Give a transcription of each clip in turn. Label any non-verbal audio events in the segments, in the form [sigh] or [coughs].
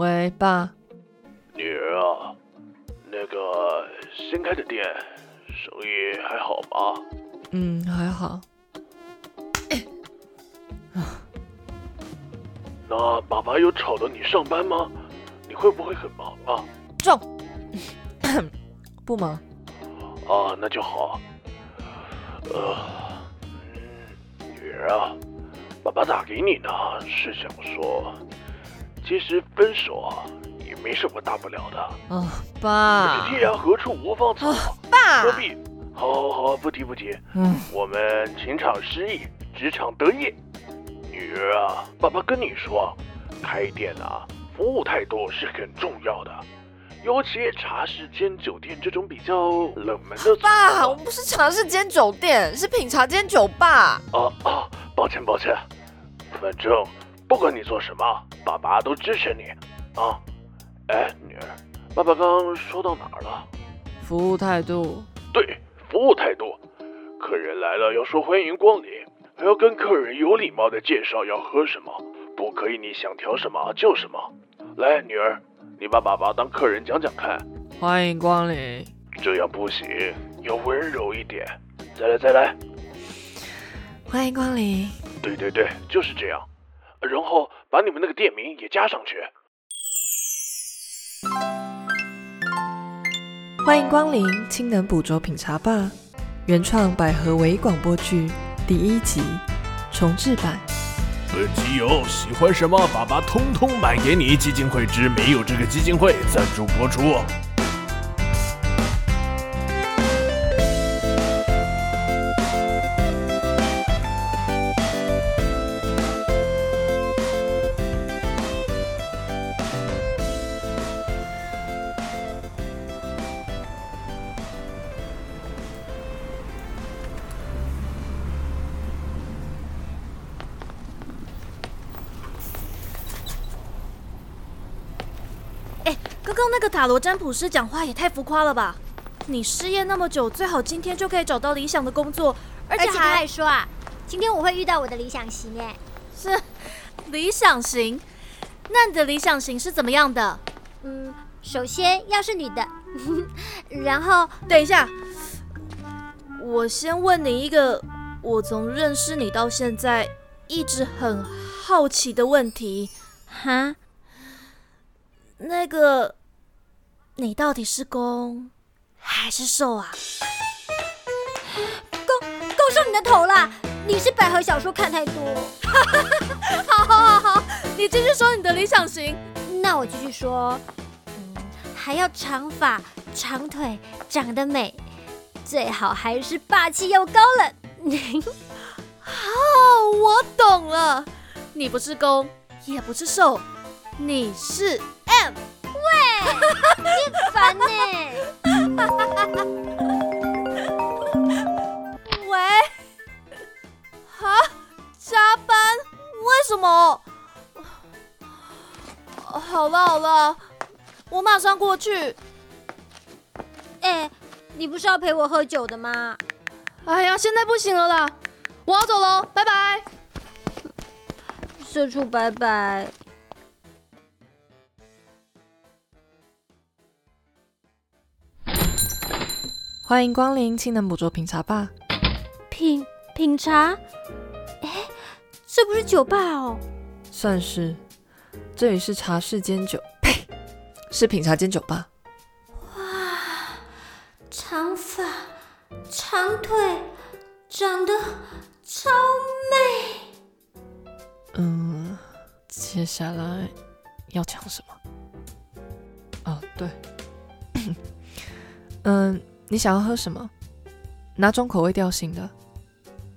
喂，爸。女兒啊，那個新開的店生意還好嗎？嗯，還好。哎。啊，那爸爸有吵到你上班嗎？你會不會很忙啊？重， [coughs] 不忙。啊，那就好。呃，女兒啊，爸爸打給你呢，是想說。其實分手、啊、也沒什麼大不了的啊，爸。可是天涯何處無芳草，啊、爸何必？好好好，不提不提。嗯，我們情場失意，職場得意。女兒啊，爸爸跟你說，開店啊，服務態度是很重要的，尤其茶室兼酒店這種比較冷門的、啊。爸，我們不是茶室兼酒店，是品茶兼酒吧。哦、啊、哦、啊，抱歉抱歉。反正不管你做什麼。爸爸都支持你，啊、嗯！哎，女兒，爸爸剛剛說到哪兒了？服務態度，對，服務態度。客人來了要說歡迎光臨，還要跟客人有禮貌的介紹要喝什麼，不可以你想調什麼就什麼。來，女兒，你把爸爸當客人講講看。歡迎光臨。這樣不行，要溫柔一點。再來，再來。歡迎光臨。對對對，就是這樣。然後把你們那個店名也加上去。歡迎光臨親能補拙品茶 Bar，原創百合唯廣播劇第一集重製版。本集由喜歡什麼，爸爸通通買給你。基金會之沒有這個基金會贊助播出。用那個塔羅占卜師講話也太浮誇了吧！你失業那麼久，最好今天就可以找到理想的工作。而且還而且說啊，今天我會遇到我的理想型耶。是？理想型？那你的理想型是怎麼樣的？嗯，首先要是女的， [laughs] 然後……等一下，我先問你一個，我從認識你到現在一直很好奇的問題，哈，那個。你到底是攻還是受啊？攻攻受你的頭啦！你是百合小說看太多。 [laughs] 好，好，好，好，你繼續說你的理想型。那我繼續說、嗯，還要長髮、長腿、長得美，最好還是霸氣又高冷。好、 [laughs] oh，我懂了，你不是攻，也不是受，你是。哈，煩呢。喂，哈，加班？為什麼？好了好了，我馬上過去。哎，你不是要陪我喝酒的嗎？哎呀，現在不行了啦，我要走嘍，拜拜。社畜拜拜。歡迎光臨親能補拙品茶吧，品品茶，哎，這不是酒吧哦，算是，這裡是茶室兼酒，呸，是品茶兼酒吧。哇，長髮，長腿，長得超美。嗯，接下來要講什麼？啊，對， [coughs] 嗯。你想要喝什麼？哪種口味調型的？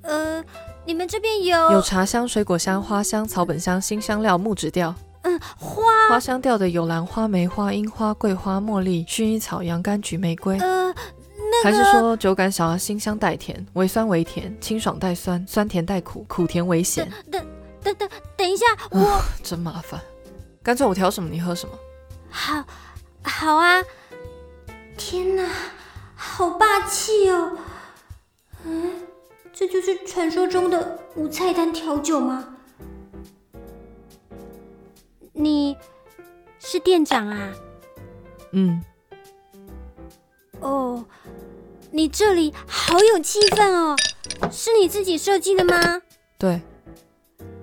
呃，你們這邊有有茶香、水果香、花香、草本香、新香料、木質調。嗯，花花香調的有蘭花、梅花、櫻花、桂花、茉莉、薰衣草、洋甘菊、玫瑰。呃，那個、還是說酒感想要新香帶甜，微酸微甜，清爽帶酸，酸甜帶苦，苦甜微鹹。等等等等一下，哇，真麻煩，乾脆我調什麼你喝什麼。好，好啊。天哪！好霸氣哦！嗯，這就是傳說中的無菜單調酒嗎？你是店長啊？嗯。哦，你這裡好有氣氛哦，是你自己設計的嗎？對。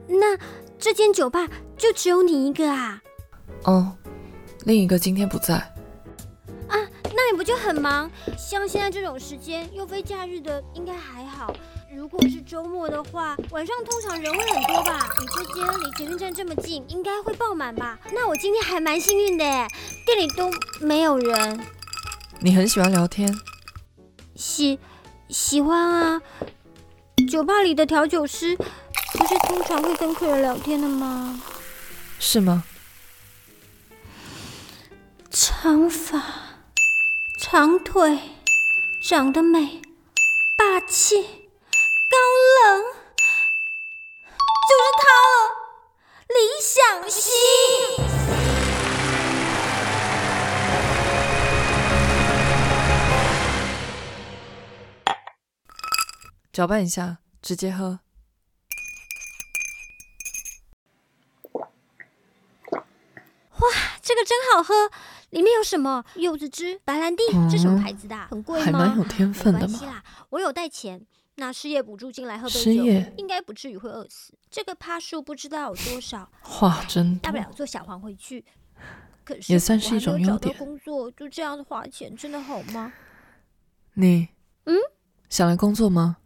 那這間酒吧就只有你一個啊？哦，另一個今天不在。也很忙，像現在這種時間又非假日的，應該還好。如果是周末的話，晚上通常人會很多吧？你這邊離捷運站這麼近，應該會爆滿吧？那我今天還蠻幸運的，店裡都沒有人。你很喜歡聊天，喜喜歡啊？酒吧裡的調酒師不是通常會跟客人聊天的嗎？是嗎？長髮。長腿，長得美，霸氣、高冷，就是她了，理想型。攪拌一下，直接喝。哇，這個真好喝。裡面有什麼？柚子汁、白蘭地，嗯、這什麼牌子的？很貴嗎？還蠻有天分的嘛。我有帶錢，拿失業補助金來喝杯酒失業，應該不至於會餓死。這個帕數不知道有多少， [laughs] 話真多。大不了坐小黃回去。可是，也算是一種優點。找到工作就這樣花錢，真的好嗎？你，嗯，想來工作嗎？